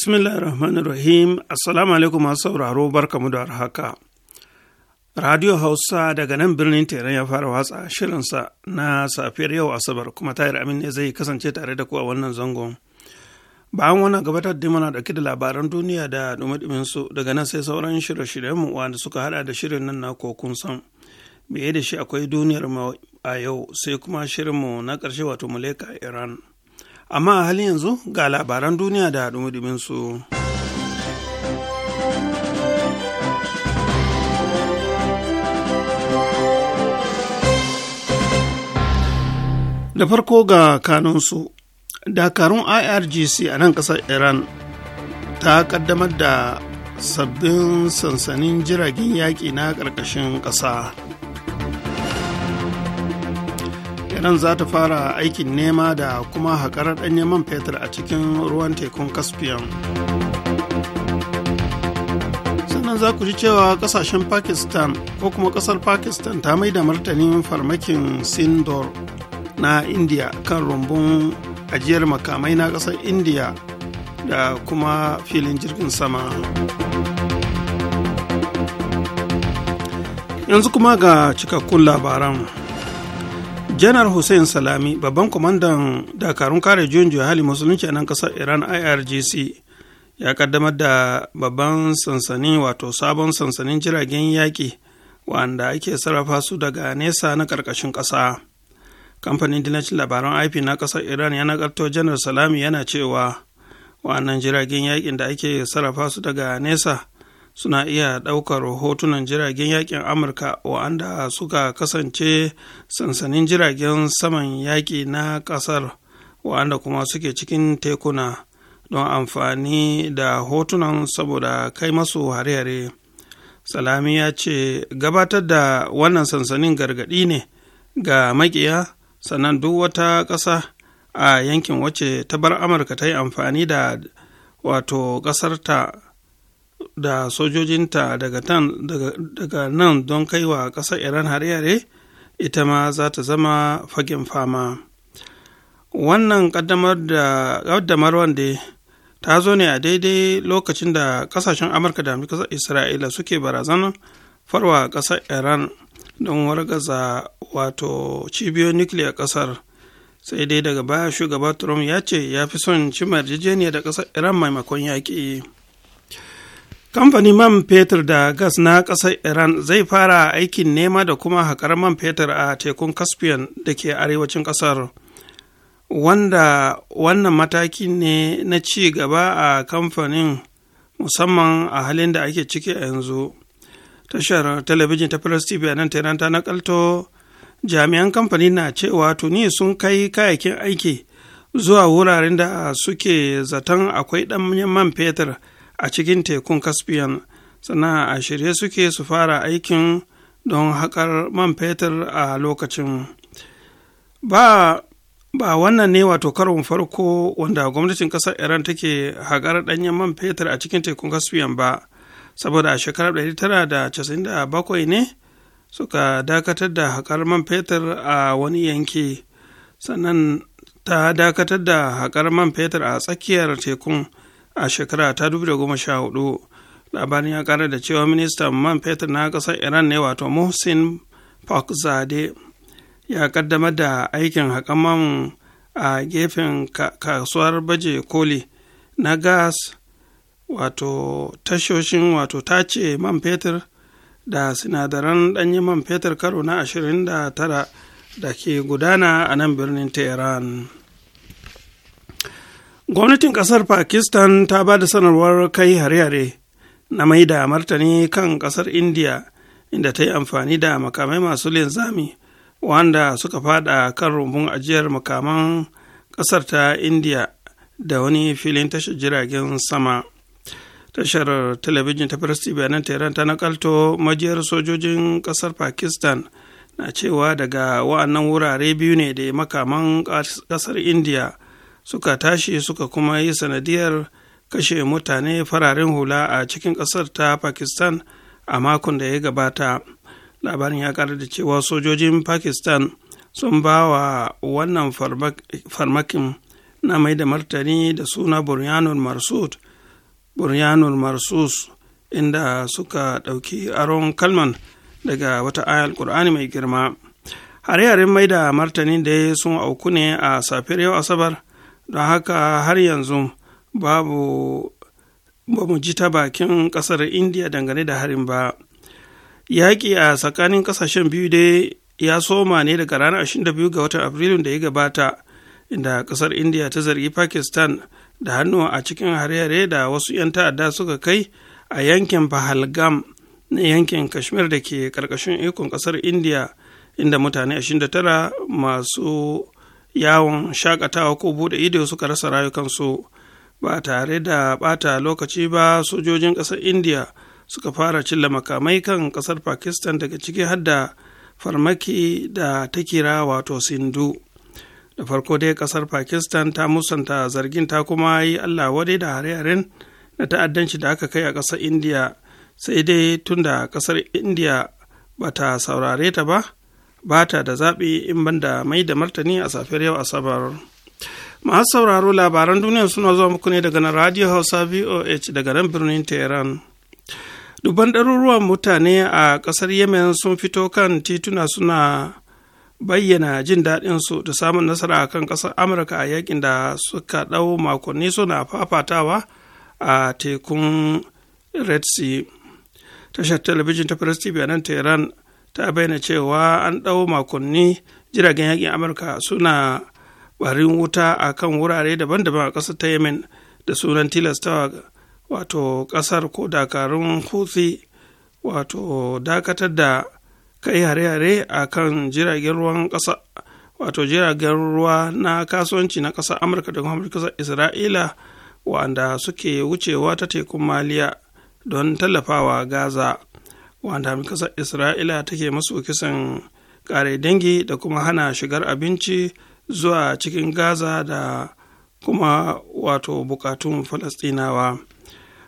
rahim Assalamu alaikum masu sauraro barkamu da haka. Radio Hausa daga nan birnin Teran ya fara watsa shirinsa na safiyar yau Asabar kuma tayar amin ne zai kasance tare da ku a wannan zangon. Bayan wannan gabatar da muna dauke da labaran duniya da dumadumin su daga nan sai sauran shirye-shiryen mu wanda suka hada da shirin nan na kokun san. Me da shi akwai duniyar mu a yau sai kuma shirin mu na karshe wato Muleka Iran. amma a halin yanzu ga labaran duniya da haɗin su. da farko ga kanunsu dakarun irgc a nan ƙasar iran ta kaddamar da sabbin sansanin jiragen yaƙi na ƙarƙashin ƙasa Nan za ta fara aikin nema da kuma haƙarar ɗanyen man fetur a cikin ruwan tekun caspian sannan za ku ji cewa ƙasashen pakistan ko kuma ƙasar pakistan ta mai da martanin farmakin sindor na india kan rumbun ajiyar makamai na ƙasar india da kuma filin jirgin sama yanzu kuma ga cikakkun labaran janar hussein salami babban kwamandan dakarun kare juyin juya hali musulunci a nan kasar iran irgc ya kaddamar da babban sansani wato sabon sansanin jiragen yaƙi wanda ake sarrafa su daga nesa na ƙarƙashin ƙasa kamfanin dinacin labaran ip na ƙasar iran ya nagarto janar salami yana cewa wa'annan jiragen yaƙin da ake sarrafa su daga nesa suna iya ɗaukar hotunan jiragen yakin amurka wa'anda suka kasance sansanin jiragen saman yaƙi na ƙasar wa'anda kuma suke cikin tekuna don amfani da hotunan saboda kai masu hare-hare salami ya ce gabatar da wannan sansanin gargaɗi ne ga makiya sannan duk wata ƙasa a yankin wacce ta bar amurka ta yi amfani da wato ƙasarta da sojojinta daga nan don kaiwa ƙasar iran har yare ita ma za ta zama fagen fama wannan ƙaddamar wanda ta zo ne a daidai lokacin da ƙasashen amurka da ƙasar isra'ila suke barazana farwa ƙasar iran don wargaza wato cibiyoyin nukiliya ƙasar sai dai daga baya shugaba trump ya ce ya fi son cimma yarjejeniya da ƙasar iran maimakon yaƙi kamfanin man fetur da gas na ƙasar iran zai fara aikin nema da kuma haƙar man fetur a tekun caspian da ke arewacin ƙasar wanda wannan mataki ne na ci gaba a kamfanin musamman a halin da ake ciki a yanzu tashar talabijin ta press tv a nan tehran ta nakalto jami'an kamfani na cewa tuni sun kai kayakin aiki zuwa wuraren da suke zaton akwai ɗan man fetur a cikin tekun caspian sannan a shirye suke su fara aikin don haƙar man fetur a lokacin ba ba wannan ne wato karon farko wanda gwamnatin ƙasar iran take haƙar ɗanyen man fetur a cikin tekun caspian ba saboda a shekarar 1997 ne suka dakatar da haƙar man fetur a wani yanki sannan ta dakatar da haƙar man fetur a tsakiyar tekun a shekara ta 2014 labarin ya kara da cewa ministan man fetur na kasar iran ne wato muhsin pakzade ya kaddamar da aikin haƙan a gefen kasuwar baje koli na gas wato tashoshin wato tace man fetur da sinadaran ɗanyi man fetur karo na 29 da ke gudana a nan birnin tehran gwamnatin ƙasar pakistan ta ba da sanarwar kai hare-hare na mai da martani kan ƙasar india inda ta yi amfani da makamai masu linzami wanda suka fada kan rumbun ajiyar makaman ƙasar ta india da wani filin tashar jiragen sama tashar talabijin ta firist bayanan tehran ta nakalto majiyar sojojin ƙasar pakistan na cewa daga wa'annan wurare biyu ne da makaman ƙasar india suka tashi suka kuma yi sanadiyar kashe mutane fararen hula a cikin ƙasar ta pakistan a makon da ya gabata labarin ya ƙara da cewa sojojin pakistan sun ba wa wannan farmakin na mai da martani da suna buryanul marsud buryanul marsus inda suka ɗauki aron kalman daga wata ayal Kur'ani mai girma hare-haren mai da martani da sun auku ne a safiyar yau asabar don haka har yanzu babu ba mu ji ta bakin kasar indiya dangane da harin ba yaƙi a tsakanin ƙasashen biyu dai ya soma ne daga ranar 22 ga watan afrilun da ya gabata inda ƙasar indiya ta zargi pakistan da hannu a cikin hare-hare da wasu 'yan ta'adda suka kai a yankin pahalgam na yankin kashmir da ke ƙarƙashin ikon ƙasar indiya inda mutane 29 masu yawon shakatawa ko bude ido suka rasa rayukansu ba tare da bata lokaci ba sojojin ƙasar india suka fara cilla makamai kan ƙasar pakistan daga ciki har da farmaki da ta kira wato sindu da farko dai ƙasar pakistan ta musanta zargin ta kuma yi allah wadai da hare-haren na ta'addanci da aka kai a ƙasar india sai dai tunda ƙasar india ba ta saurare ta ba ba ta da zaɓi in banda mai da martani a safiyar yau asabar masu sauraro labaran duniya suna zuwa muku ne daga nan radio hausa voh daga nan birnin tehran dubban ɗaruruwan mutane a ƙasar yemen sun fito kan tituna suna bayyana jin daɗinsu da samun nasara a kan ƙasar amurka a yakin da suka ɗau makonni suna fafatawa a tekun red sea tashar talabijin ta press tv a nan tehran ta bayyana cewa an ɗau makonni jiragen yakin amurka suna barin wuta a kan wurare daban-daban a ƙasar ta yemen da sunan tilastawa wato ƙasar ko dakarun houthi wato dakatar da kai hare-hare a kan jiragen ruwan ƙasa wato jiragen ruwa na kasuwanci na ƙasar amurka da kuma ƙasar isra'ila wa'anda suke wucewa ta tekun maliya don tallafawa gaza wanda ƙasar isra'ila take masu kisan ƙare dangi da kuma hana shigar abinci zuwa cikin gaza da kuma wato bukatun falastinawa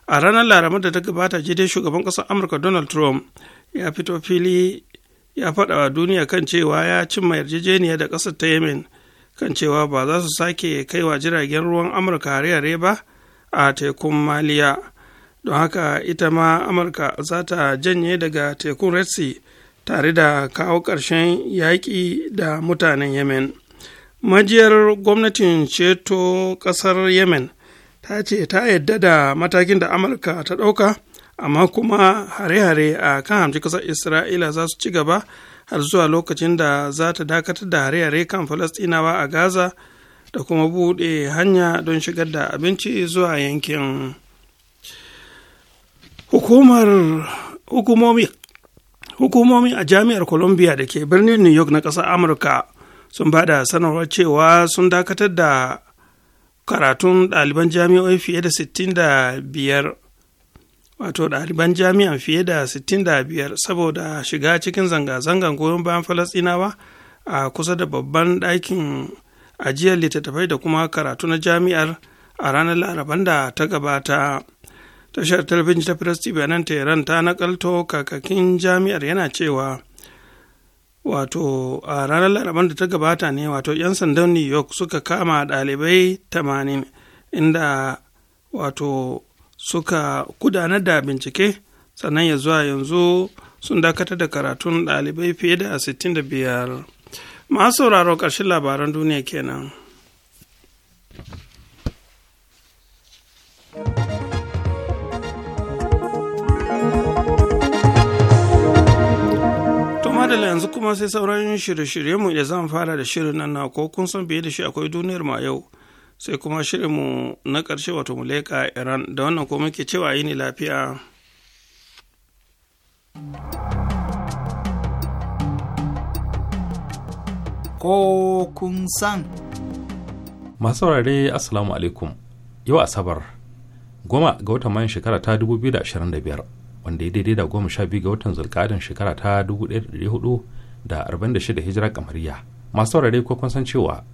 a ranar laramar da ta gabata dai shugaban ƙasar amurka donald trump ya fito fili ya faɗa wa duniya kan cewa ya cimma yarjejeniya da ƙasar ta yemen kan cewa ba za su sake kaiwa jiragen ruwan amurka hare ba a tekun maliya don haka ita ma amurka za ta janye daga tekun red sea tare da kawo ƙarshen yaƙi da mutanen yemen majiyar gwamnatin ceto ƙasar yemen ta ce ta yadda da matakin da amurka ta ɗauka amma kuma hare-hare a kan hamci ƙasar isra'ila za su ci gaba har zuwa lokacin da za ta dakatar da hare-hare kan falastinawa a gaza da kuma buɗe hanya don shigar da abinci zuwa yankin. hukumar hukumomi hukumomi a jami'ar columbia da ke birnin new york na ƙasar amurka sun ba da sanarwar cewa sun dakatar da karatun ɗaliban jami'o'i fiye da 65 wato ɗaliban jami'an fiye da 65 saboda shiga cikin zanga zangar goyon bayan Falasinawa a kusa da babban ɗakin ajiyar littattafai da kuma karatu na jami'ar a ranar laraban da ta gabata tashar talabijin ta press tv nan tehran ta nakalto kakakin jami'ar yana cewa wato a ranar laraban da ta gabata ne wato 'yan sandan new york suka kama dalibai 80 inda wato suka gudanar da bincike sannan ya zuwa yanzu sun dakatar da karatun dalibai fiye da 65 masu sauraro ƙarshen labaran duniya kenan. madalla yanzu kuma sai sauran shirye-shirye mu da zan fara da shirin nan na ko kun san biye da shi akwai duniyar ma yau sai kuma shirin mu na karshe wato mu leka iran da wannan ko muke cewa yi ne lafiya ko kun san masu saurare assalamu alaikum yau asabar goma ga watan mayan shekara ta 2025 wanda ya daidai da goma sha biyu ga watan zulkadin shekara ta da da arba'in shida hijira kamariya masu saurare ko kun san cewa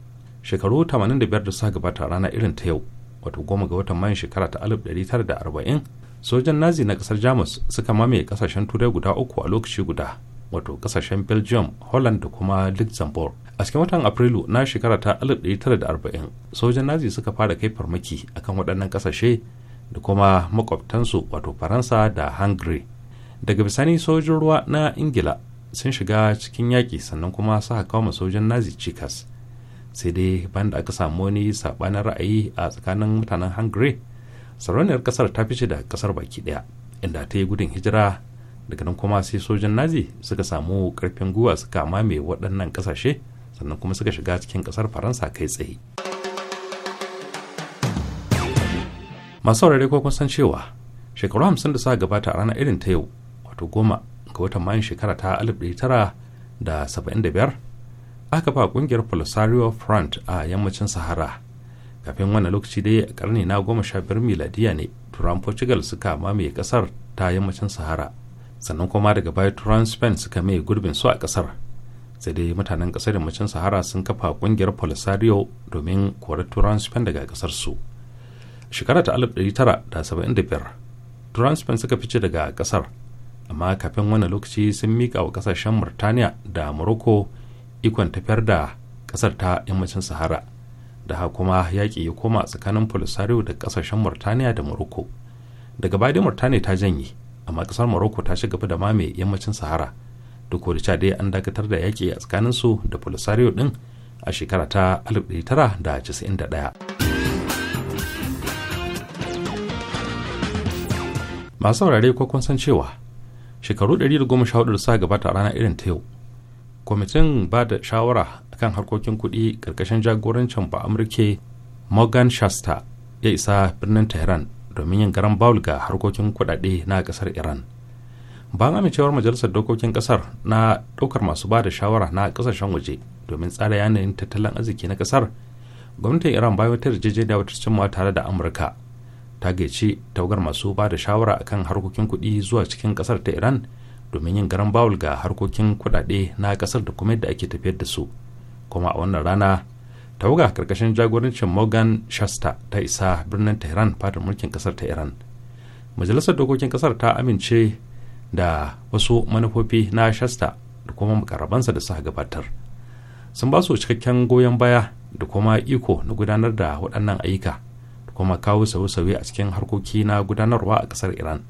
shekaru 85 da suka gabata rana irin ta yau wato goma ga watan mayun shekara ta arba'in sojan nazi na kasar jamus suka mamaye kasashen turai guda uku a lokaci guda wato kasashen belgium holland da kuma luxembourg a cikin watan afrilu na shekara ta 1940 sojan nazi suka fara kai farmaki akan waɗannan kasashe da kuma makwabtansu wato faransa da hungary daga bisani sojin ruwa na ingila sun shiga cikin yaƙi sannan kuma suka kama sojan nazi cikas sai dai banda aka samu wani saɓanin ra'ayi a tsakanin mutanen hungary sarauniyar kasar ta fice da kasar baki ɗaya inda ta yi gudun hijira daga nan kuma sai sojan nazi suka samu karfin gwiwa suka mame waɗannan ƙasashe sannan kuma suka shiga cikin ƙasar faransa kai tsaye. masu saurare ko kun san cewa shekaru hamsin da suka gabata a ranar irin ta yau wato goma ga watan mayun shekara ta alif tara da saba'in da biyar aka ba kungiyar polisario front a yammacin sahara kafin wannan lokaci dai a karni na goma sha biyar miladiya ne turan portugal suka mamaye ƙasar ta yammacin sahara sannan kuma daga baya turan spain suka maye gurbin su a ƙasar sai dai mutanen ƙasar yammacin sahara sun kafa kungiyar polisario domin korar turan spain daga kasar su shekara ta biyar turanspan suka fice daga kasar amma kafin wani lokaci sun miƙa wa kasashen murtaniya da morocco ikon tafiyar da kasar ta yammacin sahara da haka kuma yaƙi ya koma tsakanin polisario da kasashen murtaniya da morocco daga baya dai murtaniya ta janye amma kasar morocco ta shiga da mame yammacin sahara duk da dai an dakatar da yaƙi a su da polisario din a shekara ta ɗaya. masu saurare ko kun san cewa shekaru 114 sa gabata a ranar irin ta yau kwamitin ba da shawara kan harkokin kuɗi ƙarƙashin jagorancin ba amurke morgan shasta ya isa birnin tehran domin yin garan bawul ga harkokin kuɗaɗe na ƙasar iran bayan amincewar majalisar dokokin ƙasar na ɗaukar masu ba da shawara na ƙasashen waje domin tsara yanayin tattalin arziki na ƙasar gwamnatin iran bayan wata yarjejeniya wata cimma tare da amurka ta gaici taugar masu ba da shawara kan harkokin kuɗi zuwa cikin ƙasar ta iran domin yin garan bawul ga harkokin kuɗaɗe na ƙasar da kuma yadda ake tafiyar da su kuma a wannan rana tawaga karkashin jagorancin morgan shasta ta isa birnin tehran fadar mulkin ƙasar ta iran majalisar dokokin ƙasar ta amince da wasu manufofi na shasta da kuma makarabansa da suka gabatar sun ba su cikakken goyon baya da kuma iko na gudanar da waɗannan ayyuka kuma kawo sauye-sauye a cikin harkoki na gudanarwa a kasar iran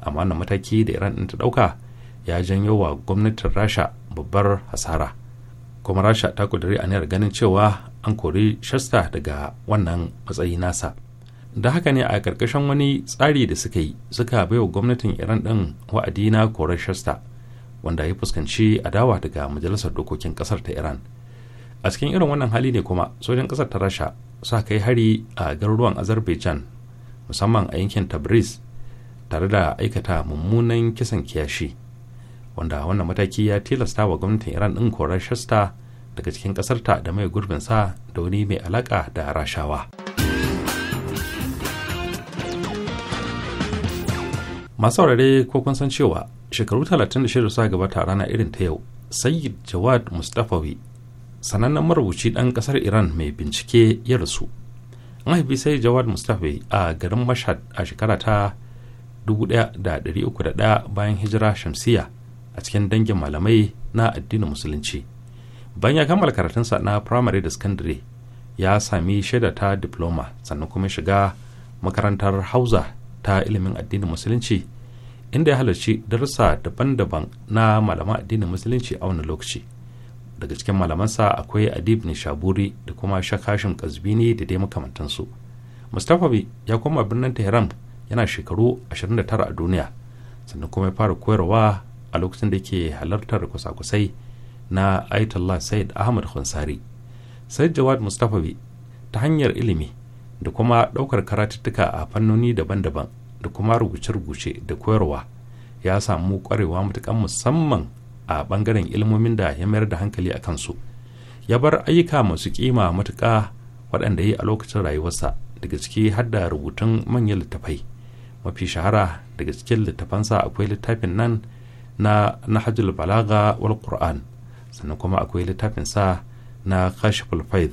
amma wannan mataki da iran din ta dauka ya janyo wa gwamnatin rasha babbar hasara kuma rasha ta ƙudiri aniyar ganin cewa an kori shasta daga wannan matsayi nasa da haka ne a ƙarƙashin wani tsari da suka yi suka bai wa gwamnatin iran ɗin wa'adi na korar shasta wanda ya fuskanci adawa daga majalisar dokokin ƙasar ta iran a cikin irin wannan hali ne kuma sojin kasar ta rasha suka kai hari a garuruwan azerbaijan musamman a yankin tabriz tare da aikata mummunan kisan kiyashi wanda wannan mataki ya tilasta wa gwamnatin iran din korar shasta daga cikin ƙasarta da mai gurbin sa da wani mai alaƙa da rashawa masu saurare ko kun san cewa shekaru 36 suka gabata rana irin ta yau sayyid jawad mustafawi sanannen marubuci ɗan ƙasar iran mai bincike ya rasu an haifi sai jawad mustafa a garin mashad a shekara ta 1301 bayan hijira shamsiya a cikin dangin malamai na addinin musulunci bayan ya kammala karatunsa na firamare da sakandare ya sami shaida ta diploma sannan kuma shiga makarantar hausa ta ilimin addinin musulunci inda ya halarci darussa daban-daban na malaman addinin musulunci a wani lokaci daga cikin malamansa akwai adib nishaburi da kuma shakashin kazbini da dai makamantansu mustapha ya koma birnin tehran yana shekaru 29 a duniya sannan kuma ya fara koyarwa a lokacin da ke halartar kusa-kusai na ayatollah said ahmad khansari sai jawad mustapha ta hanyar ilimi da kuma ɗaukar karatuttuka a fannoni daban-daban da kuma rubuce-rubuce da koyarwa ya samu kwarewa matukan musamman a bangaren ilmomin da ya mayar da hankali a kansu ya bar ayyuka masu kima matuƙa waɗanda ya yi a lokacin rayuwarsa daga ciki har da rubutun manyan littafai mafi shahara daga cikin littafansa akwai littafin nan na nahajul balaga wal qur'an sannan kuma akwai littafin sa na kashiful faid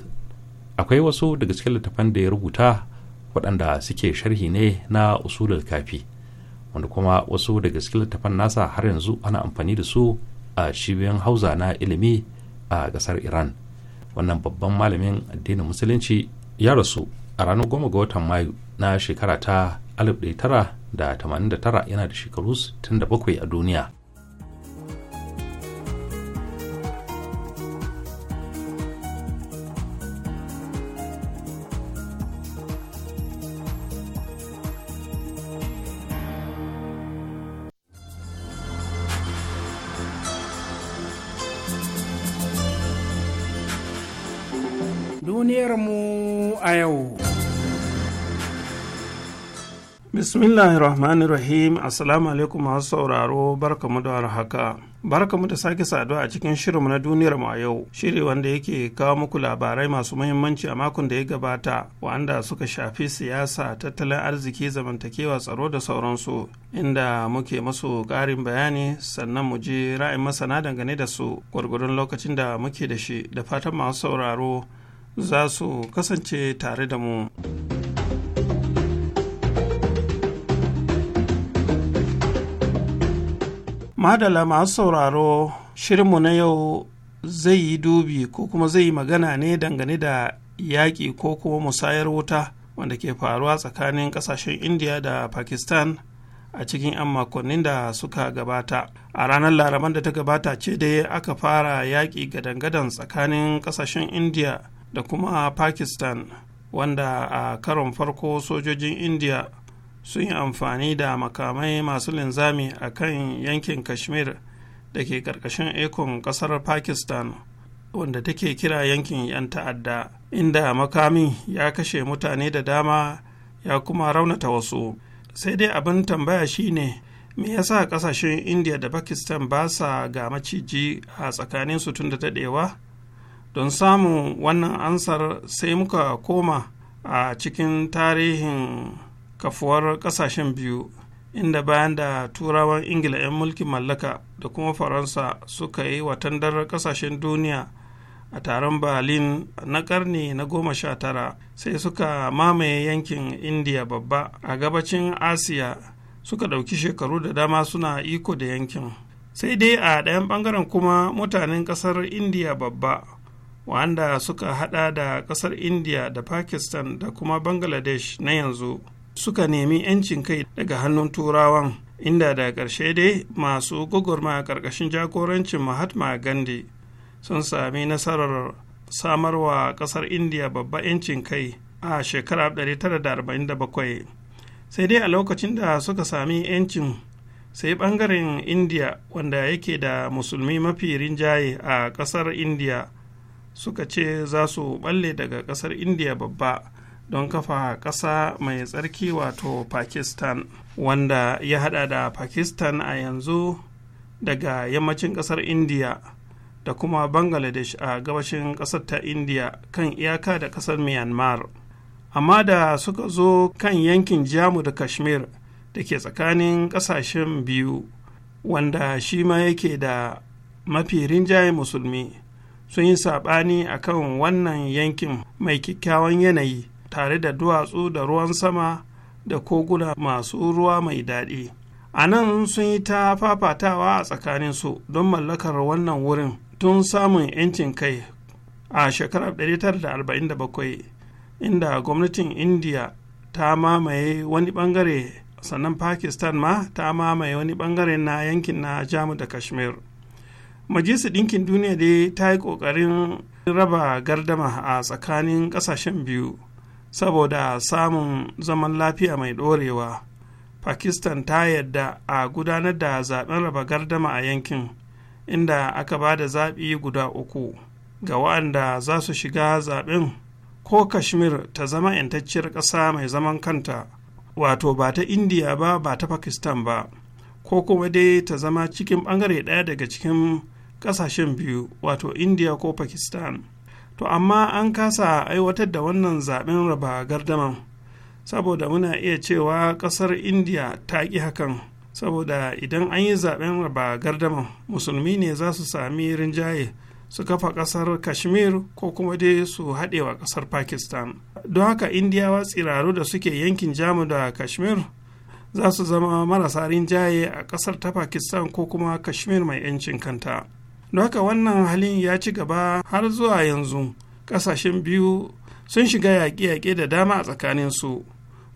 akwai wasu daga cikin littafan da ya rubuta waɗanda suke sharhi ne na usulul kafi wanda kuma wasu daga cikin littafan nasa har yanzu ana amfani da su a cibiyoyin hauza na ilimi a kasar iran wannan babban malamin addinin musulunci ya rasu a ranar goma ga watan mayu na shekara ta 1989 yana da shekaru 67 a duniya duniyarmu a yau. Bismillahirrahmanirrahim Assalamu alaikum masu sauraro barkamu da haka. Barkamu da sake saduwa a cikin shirinmu na duniyarmu a yau, shiri wanda yake kawo muku labarai masu muhimmanci a makon da ya gabata, wanda suka shafi siyasa, tattalin arziki, zamantakewa, tsaro da sauransu, inda muke masu ƙarin bayani sannan mu ji ra'ayin masana dangane da su gwargwadon lokacin da muke da shi da fatan masu sauraro za su kasance tare da mu. Madala masu sauraro shirinmu na yau zai yi dubi ko kuma zai yi magana ne dangane da yaƙi ko kuma musayar wuta wanda ke faruwa tsakanin ƙasashen India da Pakistan a cikin 'yan makonnin da suka gabata. A ranar laraban da ta gabata ce dai aka fara yaƙi gadangadan tsakanin ƙasashen India da kuma pakistan wanda a karon farko sojojin india sun yi amfani da makamai masu linzami a kan yankin kashmir da ke ƙarƙashin ekon ƙasar pakistan wanda take kira yankin 'yan ta'adda inda makamin ya kashe mutane da dama ya kuma raunata wasu sai dai abin tambaya shine me yasa kasashen india da pakistan ba sa ga maciji a tsakaninsu tun da daɗewa don samun wannan ansar sai muka koma a cikin tarihin kafuwar ƙasashen biyu inda bayan da turawan ingila 'yan mulkin mallaka da kuma faransa suka yi watandar ƙasashen duniya a taron berlin na ƙarni na goma sha tara sai suka mamaye yankin indiya babba a gabacin asiya suka ɗauki shekaru da dama suna iko da yankin sai dai a ɗayan ɓangaren kuma mutanen ƙasar indiya babba wanda suka hada da kasar india da pakistan da kuma bangladesh na yanzu suka nemi 'yancin kai daga hannun turawan inda da ƙarshe dai masu gugurma ƙarƙashin jagorancin mahatma gandhi sun sami nasarar samarwa ƙasar india babba 'yancin kai a shekarar 1947 sai dai a lokacin da suka sami 'yancin sai bangaren india wanda yake da musulmi mafi rinjaye a ƙasar india suka ce za su balle daga kasar india babba don kafa ƙasa mai tsarki wato pakistan wanda ya hada da pakistan a yanzu daga yammacin ƙasar india da kuma bangladesh a gabashin ƙasar ta india kan iyaka da ƙasar myanmar amma da suka zo kan yankin jamu da kashmir da ke tsakanin ƙasashen biyu wanda shi ma yake da mafi rinjaye musulmi sun yi saɓani a kan wannan yankin mai kyakkyawan yanayi tare da duwatsu da ruwan sama da koguna masu ruwa mai daɗi a nan sun yi ta fafatawa a tsakanin su don mallakar wannan wurin tun samun 'yancin kai a shekarar 1947 inda gwamnatin indiya ta mamaye wani bangare sannan pakistan ma ta mamaye wani bangare na yankin na jamu da kashmir majalisar ɗinkin duniya dai ta yi ƙoƙarin raba gardama a tsakanin ƙasashen biyu saboda samun zaman lafiya mai ɗorewa pakistan ta yadda a gudanar da zaben raba gardama a yankin inda aka ba da zaɓi guda uku ga wa'anda za su shiga zaɓen ko kashmir ta zama 'yantacciyar ƙasa mai zaman kanta wato ba ta indiya ba ba ta pakistan ba ko kuma dai ta zama cikin ɓangare ɗaya daga cikin ƙasashen biyu wato india ko pakistan to amma an kasa aiwatar da wannan zaben raba gardama saboda muna iya cewa ƙasar india ta ƙi hakan saboda idan an yi zaben raba gardama musulmi ne za su sami rinjaye su kafa ƙasar kashmir ko kuma dai su haɗewa ƙasar pakistan don haka indiyawa tsiraru da suke yankin jamu da kashmir za su zama marasa rinjaye a ƙasar ta pakistan ko kuma kashmir mai 'yancin kanta don haka wannan halin ya ci gaba har zuwa yanzu ƙasashen biyu sun shiga yaƙe-yaƙe da dama a tsakaninsu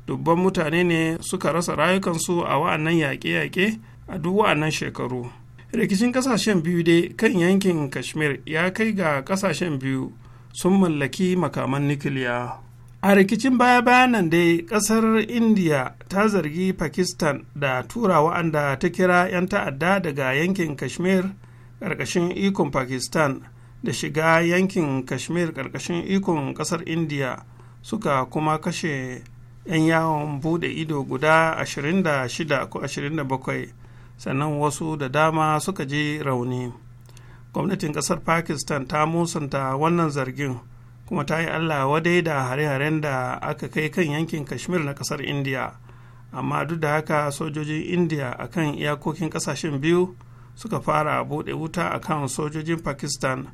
dubban mutane ne suka rasa rayukansu a wa'annan yaƙe-yaƙe a duk wa'annan shekaru rikicin ƙasashen biyu dai kan yankin kashmir ya kai ga ƙasashen biyu sun mallaki makaman nukiliya a rikicin baya-bayan nan dai ƙasar indiya ta zargi pakistan da tura wa'anda ta kira 'yan ta'adda daga yankin kashmir ƙarƙashin ikon pakistan da shiga yankin kashmir ƙarƙashin ikon ƙasar india suka kuma kashe 'yan yawon bude ido guda 26 ko 27 sannan wasu da dama suka ji rauni gwamnatin ƙasar pakistan ta musanta wannan zargin kuma ta yi allah wadai da hare-haren da aka kai kan yankin kashmir na ƙasar india amma duk da haka sojojin india akan iyakokin ƙasashen biyu suka fara buɗe wuta a kan sojojin pakistan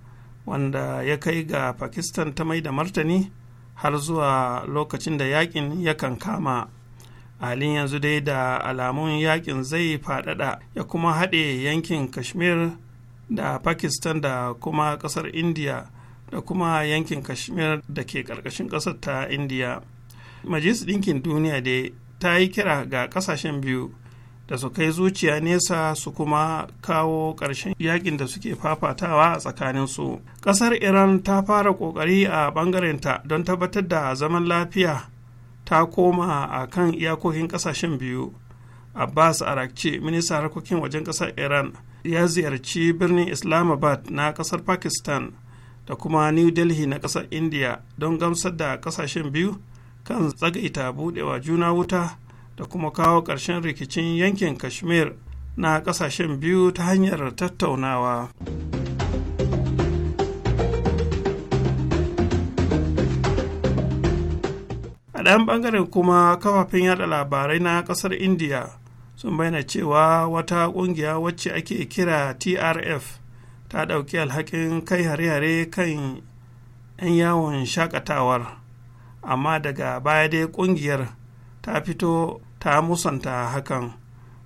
wanda ya kai ga pakistan ta mai da martani har zuwa lokacin da yakin ya kan kama halin yanzu dai da alamun yakin zai faɗaɗa ya kuma haɗe yankin kashmir da pakistan da kuma ƙasar india da kuma yankin kashmir da ke ƙarƙashin ƙasar ta india majalisar ɗinkin duniya dai ta yi kira ga ƙasashen biyu da su kai zuciya nesa su kuma kawo ƙarshen yakin da suke fafatawa a tsakaninsu ƙasar iran ta fara ƙoƙari a ɓangarenta don tabbatar da zaman lafiya ta koma a kan iyakokin ƙasashen biyu abbas arakci ministan harkokin wajen ƙasar iran ya ziyarci birnin islamabad na ƙasar pakistan da kuma new delhi na ƙasar india don gamsar da ƙasashen biyu kan tsagaita buɗewa juna wuta da kuma kawo ƙarshen rikicin yankin kashmir na ƙasashen biyu ta hanyar tattaunawa a ɗayan ɓangaren kuma kafafen yada labarai na ƙasar india sun bayyana cewa wata ƙungiya wacce ake kira trf ta ɗauki alhakin kai hare-hare kan 'yan yawon shakatawar amma daga baya dai ƙungiyar ta fito ta musanta hakan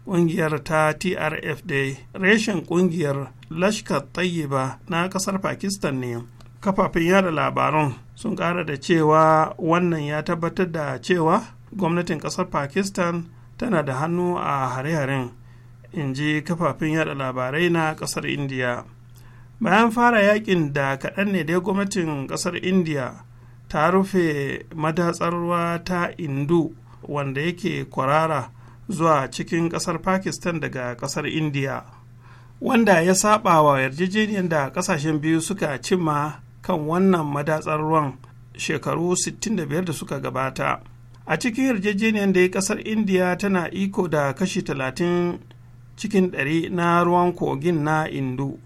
ƙungiyar ta trf dai reshen ƙungiyar lashkar tayyiba na ƙasar pakistan ne kafafen yada labaran sun ƙara da cewa wannan ya tabbatar da cewa gwamnatin ƙasar pakistan tana da hannu a hare-haren in ji kafafen yada labarai na ƙasar India. bayan fara yakin da kaɗan ne dai gwamnatin ƙasar India, ta rufe madatsarwa ta indu wanda yake kwarara zuwa cikin kasar pakistan daga kasar india wanda ya saba wa yarjejeniyar da kasashen biyu suka cimma kan wannan madatsar ruwan shekaru 65 da suka gabata a cikin yarjejeniyar da kasar india tana iko da kashi 30 cikin 100 na ruwan kogin na indu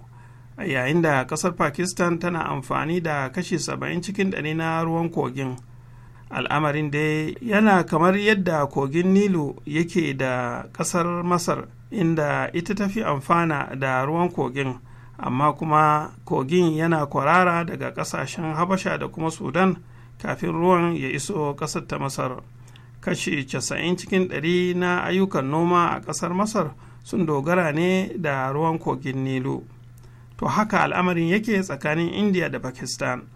yayin da kasar pakistan tana amfani da kashi 70 cikin 100 na ruwan kogin al'amarin dai yana kamar yadda kogin nilu yake da ƙasar masar inda ita tafi amfana da ruwan kogin amma kuma kogin yana kwarara daga ƙasashen habasha da kuma sudan kafin ruwan ya iso ƙasar ta masar kashi casa'in cikin ɗari na ayyukan noma a ƙasar masar sun dogara ne da ruwan kogin nilu to haka al'amarin yake tsakanin india da pakistan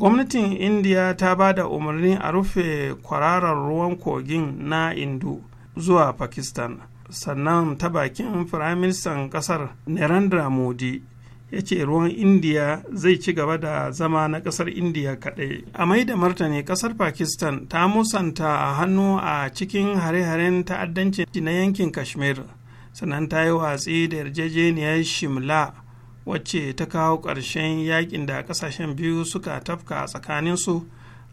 gwamnatin indiya ta ba da umarni a rufe kwararar ruwan kogin na indu zuwa pakistan sannan ta bakin firaministan kasar narendra modi ya ce ruwan indiya zai ci gaba da zama na kasar indiya kaɗai a mai da martani kasar pakistan ta musanta a hannu a cikin hare-haren ta'addanci na yankin kashmir sannan ta yi watsi da yarjejeniyar shimla wacce ta kawo ƙarshen yakin da ƙasashen biyu suka tafka a tsakaninsu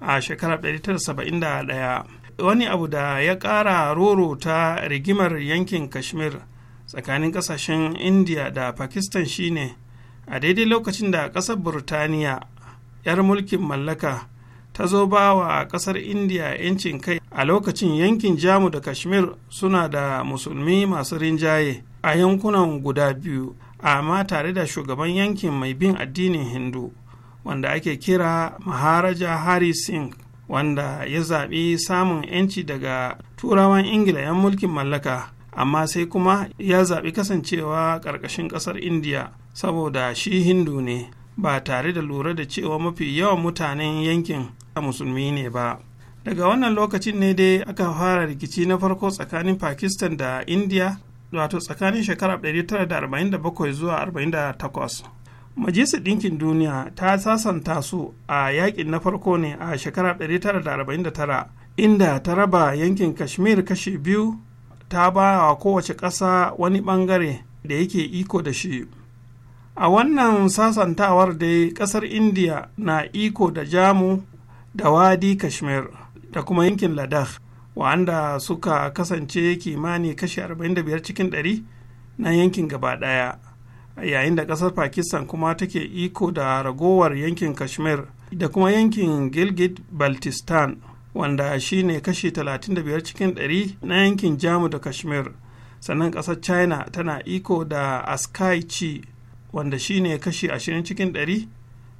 a shekarar 1971 wani abu da ya ƙara roro ta rigimar yankin kashmir tsakanin ƙasashen india da pakistan shine a daidai lokacin da ƙasar burtaniya 'yar mulkin mallaka ta zo ba wa ƙasar indiya 'yancin kai a lokacin yankin jamu da kashmir suna da musulmi masu rinjaye a yankunan guda biyu amma tare da shugaban yankin mai bin addinin hindu wanda ake kira maharaja hari singh wanda ya zaɓi samun 'yanci daga turawan ingila 'yan mulkin mallaka amma sai kuma ya zaɓi kasancewa ƙarƙashin ƙasar indiya saboda shi hindu ne ba tare da lura da cewa mafi yawan mutanen yankin a musulmi ne ba daga wannan lokacin ne dai aka fara rikici na farko tsakanin pakistan da indiya? wato tsakanin shekarar 1947 zuwa 48 majalisar ɗinkin duniya ta sasanta su a yakin na farko ne a shekarar 1949 inda ta raba yankin kashmir kashi biyu ta ba wa kowace ƙasa wani ɓangare da yake iko da shi a wannan sasantawar dai ƙasar indiya na iko da jamu da wadi kashmir da kuma yankin ladakh wanda suka kasance kimani kashi 45 cikin 100 na yankin gaba daya yayin da kasar pakistan kuma take iko da ragowar yankin kashmir da kuma yankin gilgit baltistan wanda shine kashi 35 cikin 100 na yankin jamu da kashmir sannan kasar china tana iko da askai ci wanda shine kashi 20 cikin 100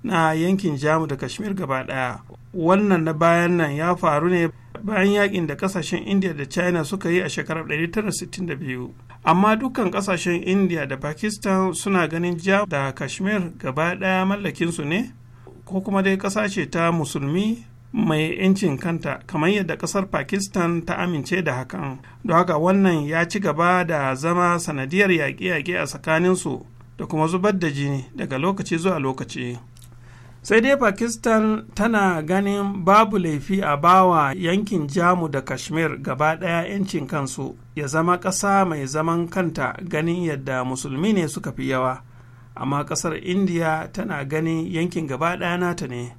na yankin jamu da kashmir gaba daya wannan na bayan nan ya faru ne bayan yakin da kasashen india da china suka yi a shekarar 1962 amma dukkan kasashen india da pakistan suna ganin ja da kashmir gaba daya mallakinsu ne ko kuma dai kasa ce ta musulmi mai 'yancin kanta kamar yadda kasar pakistan ta amince da hakan don haka wannan ya ci gaba da zama sanadiyar yaƙe-yaƙe a tsakaninsu da kuma zubar da jini daga lokaci zuwa lokaci sai dai pakistan tana ganin babu laifi a bawa yankin jamu da kashmir gaba daya 'yancin kansu ya zama ƙasa mai zaman kanta ganin yadda musulmi ne suka fi yawa amma ƙasar indiya tana ganin yankin gaba daya nata ne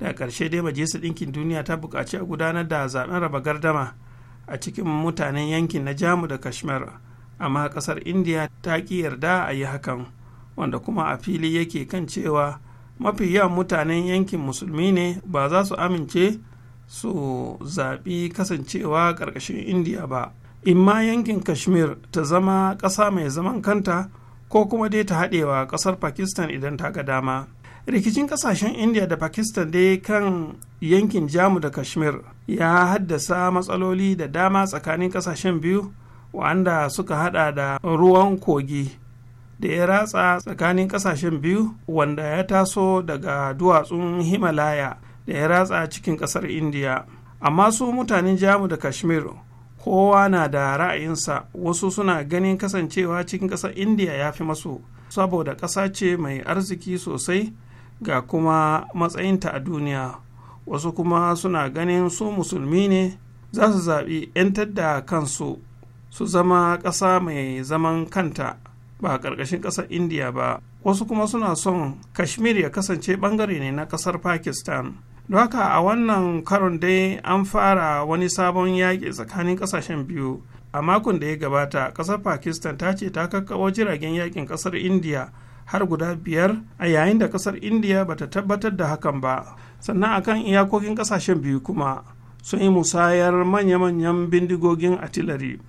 da karshe dai majalisar ɗinkin duniya ta buƙaci a gudanar da zaben raba gardama a cikin mutanen yankin na jamu da kashmir amma ƙasar indiya ta ƙi yarda a yi hakan wanda kuma a fili yake kan cewa mafi yawan mutanen yankin musulmi ne ba za su amince su zaɓi kasancewa ƙarƙashin indiya ba in ma yankin kashmir ta zama ƙasa mai zaman kanta ko kuma dai ta haɗewa ƙasar pakistan idan ta ga dama rikicin ƙasashen indiya da pakistan dai kan yankin jamu da kashmir ya haddasa matsaloli da dama tsakanin ƙasashen biyu wa'anda suka hada da ruwan kogi da ya ratsa tsakanin kasashen biyu wanda ya taso daga duwatsun himalaya da ya ratsa cikin kasar indiya amma su mutanen jamu da kashmir kowa na da ra'ayinsa wasu suna ganin kasancewa cikin kasar indiya ya fi masu saboda ƙasa ce mai arziki sosai ga kuma matsayinta a duniya wasu kuma suna ganin su musulmi ne za su zaɓi 'yantar da kansu su zama ƙasa mai zaman kanta ba a ƙarƙashin ƙasar indiya ba wasu kuma suna son kashmir ya kasance ɓangare ne na ƙasar pakistan don haka a wannan karon dai an fara wani sabon yaƙi tsakanin ƙasashen biyu a makon da ya gabata ƙasar pakistan ta ce ta kakkawo jiragen yaƙin ƙasar indiya har guda biyar a yayin da ƙasar indiya bata tabbatar da hakan ba sannan akan iyakokin ƙasashen biyu kuma sun yi musayar manya-manyan bindigogin artillery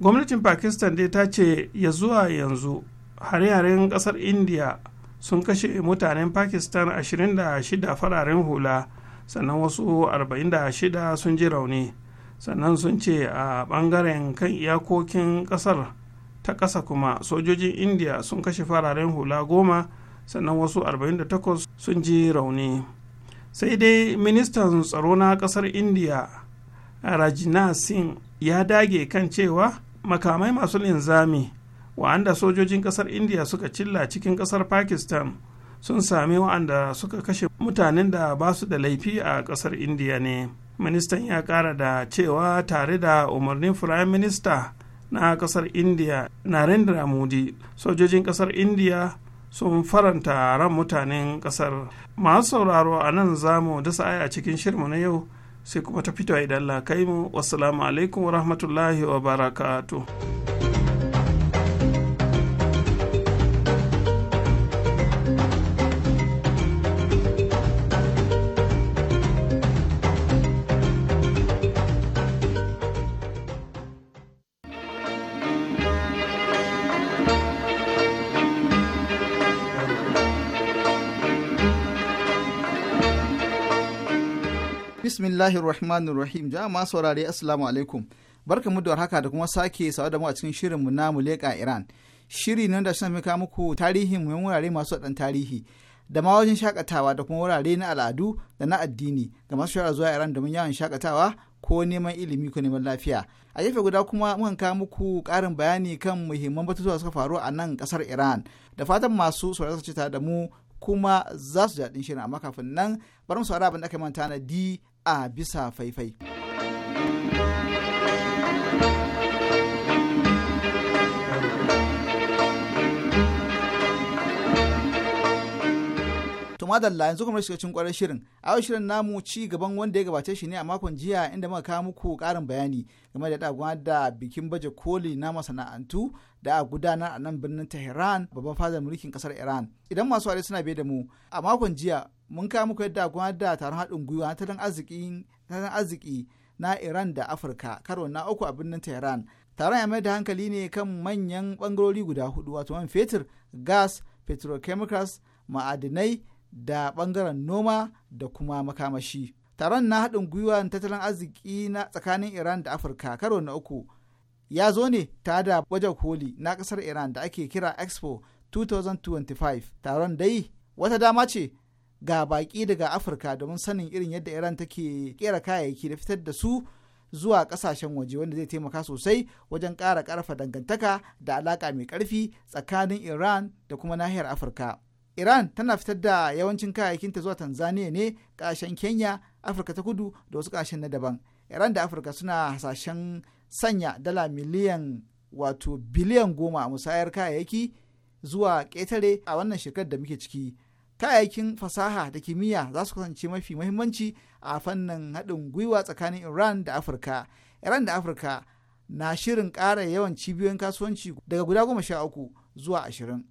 gwamnatin pakistan dai ta ce ya zuwa yanzu hare-haren kasar india sun kashe mutanen pakistan 26 fararen hula sannan wasu 46 sun ji rauni sannan sun ce a bangaren kan iyakokin kasar ta kasa kuma sojojin india sun kashe fararen hula goma sannan wasu 48 sun ji rauni sai dai ministan tsaro na kasar india rajina singh ya dage kan cewa makamai masu linzami wa'anda sojojin ƙasar india suka cilla cikin ƙasar pakistan sun sami wa'anda suka kashe mutanen da ba su da laifi a ƙasar india ne ministan ya ƙara da cewa tare da umarnin prime minister na kasar india narendra modi sojojin ƙasar india sun faranta ran mutanen ƙasar. masu sauraro a nan zamu dasa aya a cikin shirmu na yau sai kuma ta fito idan la kai mu alaikum wa rahmatullahi wa barakatuh bismillahir rahmanir rahim jama'a saurare assalamu alaikum barka mu da haka da kuma sake sawa da mu a cikin shirin mu na muleka iran shiri nan da shan muka muku tarihin muhimman wurare masu dan tarihi da ma wajen shakatawa da kuma wurare na al'adu da na addini ga masu shara zuwa iran domin yawon shakatawa ko neman ilimi ko neman lafiya a gefe guda kuma mun kawo muku karin bayani kan muhimman batutuwa suka faru a nan kasar iran da fatan masu saurare su da mu kuma za su daɗin shirin amma kafin nan bari mu saurari abin da aka manta na di a bisa faifai. madalla yanzu kuma shiga cikin kwarar shirin a yau shirin namu ci gaban wanda ya gabace shi ne a makon jiya inda muka kawo muku karin bayani game da dagwa da bikin baje koli na masana'antu da a gudanar a nan birnin tehran babban fadar mulkin kasar iran idan masu wari suna biye da mu a makon jiya mun kawo muku yadda dagwa da taron haɗin gwiwa na tattalin arziki na iran da afirka karo na uku a birnin tehran taron ya mai da hankali ne kan manyan bangarori guda hudu wato man fetur gas petrochemicals ma'adinai da bangaren noma da kuma makamashi. Taron na haɗin gwiwa tattalin arziki na tsakanin Iran da Afirka karo na uku ya zo ne tare da wajen koli na ƙasar Iran da ake kira Expo 2025. Taron dai wata dama ce ga baƙi daga Afirka domin sanin irin yadda Iran take ƙera kayayyaki da fitar da su zuwa ƙasashen waje wanda zai taimaka sosai wajen ƙara ƙarfa dangantaka da alaƙa mai ƙarfi tsakanin Iran da kuma nahiyar Afirka. iran tana fitar da yawancin kayayyakin ta zuwa tanzania ne ƙasashen kenya afirka ta kudu da wasu ƙasashen na daban iran da afirka suna hasashen sanya dala miliyan wato biliyan goma a musayar kayayyaki zuwa ƙetare a wannan shekarar da muke ciki kayayyakin fasaha da kimiyya za su kasance mafi muhimmanci a fannin haɗin gwiwa tsakanin iran da afirka iran da afirka na shirin ƙara yawan cibiyoyin kasuwanci daga guda goma sha uku zuwa ashirin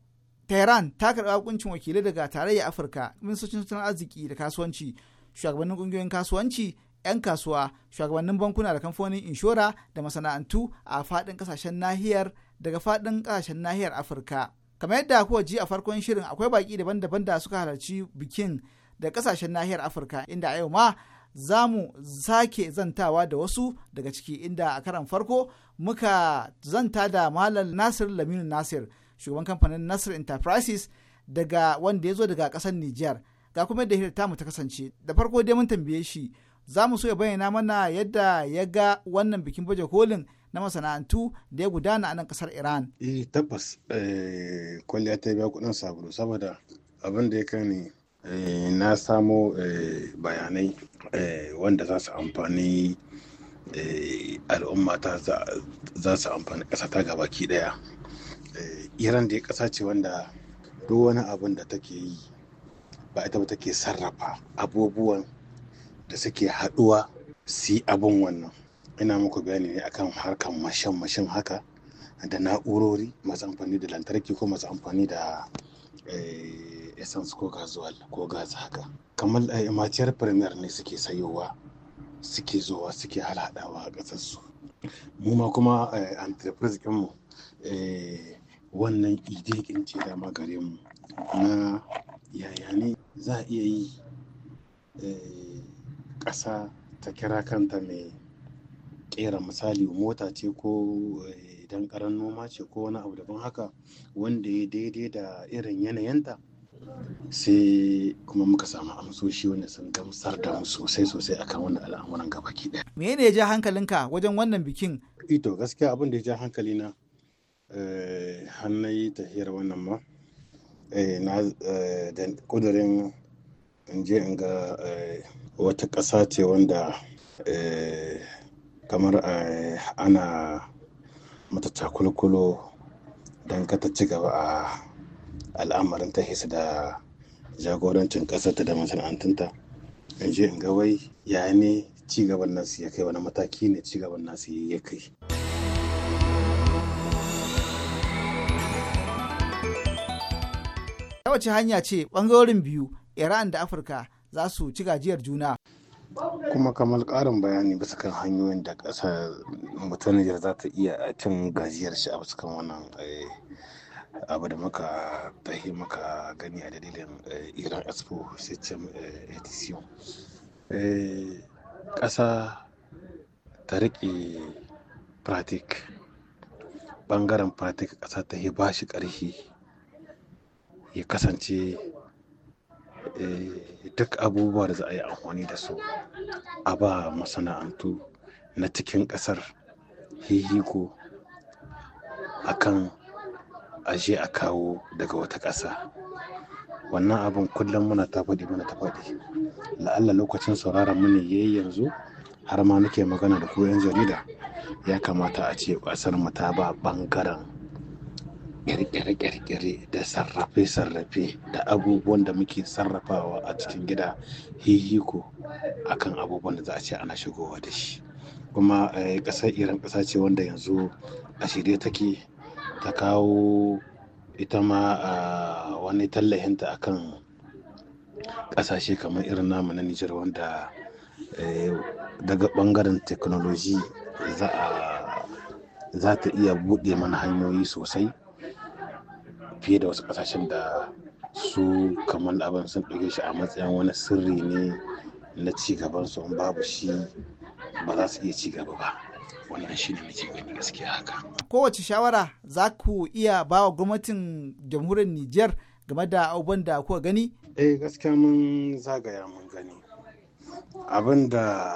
tehran ta karɓi hukuncin wakilai daga tarayyar afirka ministocin tattalin arziki da kasuwanci shugabannin ƙungiyoyin kasuwanci 'yan kasuwa shugabannin bankuna da kamfanin inshora da masana'antu a faɗin ƙasashen nahiyar daga faɗin ƙasashen nahiyar afirka kamar yadda kuwa ji a farkon shirin akwai baki daban-daban da suka halarci bikin da kasashen nahiyar afirka inda a yau ma za mu sake zantawa da wasu daga ciki inda a karan farko muka zanta da malam nasir laminu nasir shugaban kamfanin nasir enterprises daga wanda ya zo daga kasar nijar ga kuma yadda hirar tamu ta kasance da farko dai mun tambaye shi za mu so ya bayyana mana yadda ya ga wannan bikin baje kolin na masana'antu da ya gudana a nan kasar iran eh tabbas eh, kwalliya ta biya kudin sabulu saboda abin da ya kani eh, na samo eh, bayanai wanda za su amfani al'umma ta za su amfani ƙasa ta gabaki daya Eh, iran da ƙasa ce wanda duk wani abun da take yi ba ita ba take sarrafa abubuwan da suke haɗuwa su yi abin wannan ina muku bayani ne akan harkar mashin mashin haka da na'urori masu amfani da lantarki ko masu amfani da eh, essence ko gazuwal ko gas haka kamar eh, matiyar premier ne suke sayowa suke zowa suke halhadawa a ƙasarsu mu ma kuma entreprise mu wannan idin ce dama gare mu na yaya ne za a iya yi eh, ƙasa ta kira kanta mai ƙera misali mota ce ko eh, idan karan noma ce ko wani abu daban haka wanda ya daidai da irin yanayinta sai kuma muka samu amsoshi wanda sun gamsar da mu sosai sosai akan wannan al'amuran gaba ki Me ne ya ja hankalinka wajen wannan bikin? Ito gaskiya abin da ya ja hankalina Eh, har ta yi wannan ma eh, na eh, da kudurin in je in ga wata ƙasa ce wanda kamar ana mata cakulkulo don kata ci gaba a al'amarin ta hisa da jagorancin ta da masana'antunta in je in ga wai ya ne cigaban nasu ya kai wani mataki ne cigaban nasu ya kai. ta wace hanya ce bangarorin biyu iran da afirka za su ci gajiyar juna kuma kamar karin bayani bisa kan hanyoyin da kasa mutum Nijar za ta iya cin gajiyar shi a kan wannan eh, abu da muka tahi muka gani a dalilin eh, iran expo system edition eh, ƙasa ta riƙe pratik bangaren pratik ƙasa ta yi ba shi ƙarfi ya kasance eh, duk abubuwa da za a yi amfani da su a ba masana'antu na cikin ƙasar hihiko kan aje a kawo daga wata ƙasa wannan abin kullum muna ta faɗi muna ta faɗi la'alla lokacin sauraron mu ne yayi yanzu har ma nake magana da koyon jarida ya kamata a ce ƙasar mu ta ba ɓangaren kirkire da sarrafe-sarrafe da abubuwan da muke sarrafawa a cikin gida hihiko akan abubuwan da za a ce ana shigowa da shi kuma eh, ƙasar iran ƙasa ce wanda yanzu a shirye take ta kawo ita ma a ah, wani tallahinta akan ƙasashe kamar irin namu na nijar wanda eh, daga ɓangaren teknoloji za ta iya buɗe mana hanyoyi sosai fiye da wasu kasashen da su kamar abin sun ɗauke shi a matsayin wani sirri ne na cigaban su su babu shi ba za su iya cigaba ba wannan shi ne mace gani gaskiya haka kowace shawara za ku iya ba wa gwamnatin jamhuriyar niger game da abubuwan da kuka gani eh gaskiya mun zagaya mun gani abin da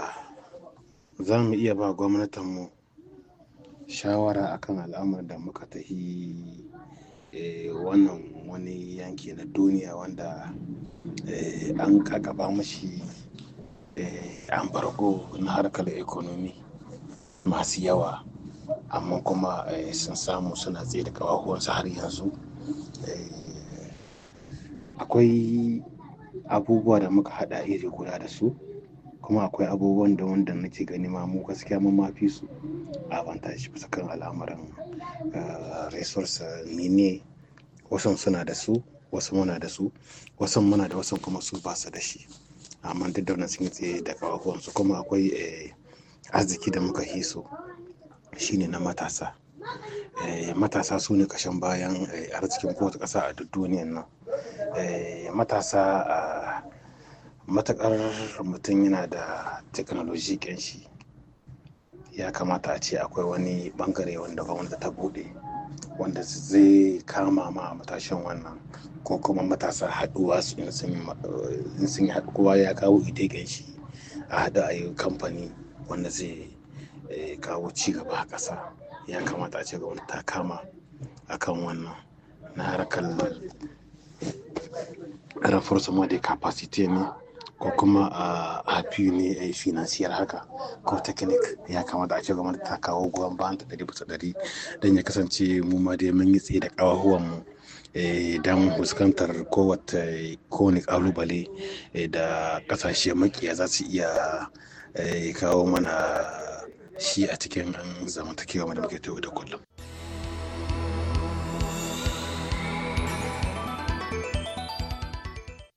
za mu iya ba gwamnatinmu shawara akan al'amarin da muka tahi Eh, wannan wani yanki na duniya wanda eh, an kakaba mashi ambargo eh, na harkar ekonomi masu yawa amma kuma sun samu suna tsaye da kawahuwansu har yanzu akwai abubuwa da muka hada iri guda da su kuma akwai abubuwan da wanda nake gani ma mu gaskiya mun fi su a bantashi bisa kan al'amuran eh, resource ne ne wasu suna da su wasu muna da su wasan muna da wasan kuma su ba su da shi amma duk da sun yi tsaye da su kuma akwai eh, arziki da muka hiso shine na matasa eh, matasa su ne kashin bayan arzikin kowace ƙasa a duk duniyan nan matasa ah, matakar mutum yana da teknoloji kenshi ya kamata a ce akwai wani bangare wanda gwamnati ta bude wanda zai kama ma matashin wannan ko kuma matasa haduwa in sun yi kowa ya kawo ide kenshi a haɗu a yi kamfani wanda zai eh, kawo cigaba a ƙasa ya kamata a ce gwamnati ta kama a kan wannan na harkar renforcement des capacités ne ko kuma ah, a fiye ne eh, finansiyar haka ko teknik ya kamata a ce gwamnati ta kawo goyon bayan ta ɗari bisa ɗari don ya kasance mu ma dai mun yi tsaye da ƙawahuwan mu eh, don fuskantar kowace kowane ƙalubale eh, da ƙasashe makiya za su iya kawo mana shi a cikin zamantakewa da muke da kullum.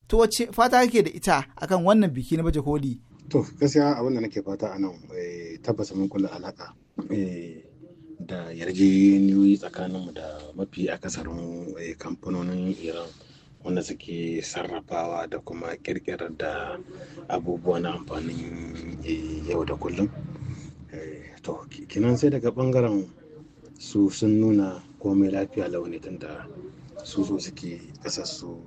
to wace fata kake da ita akan wannan biki na baje koli to gaskiya abin da nake fata a nan eh, tabbas mun kula alaka eh, da yarjejeniyoyi tsakaninmu da mafi akasarin eh, kamfanonin iran wanda suke sarrafawa da kuma kirkirar da abubuwa na amfanin yau da kullum to kinan sai daga bangaren su sun nuna komai lafiya launi tun da su suke kasar su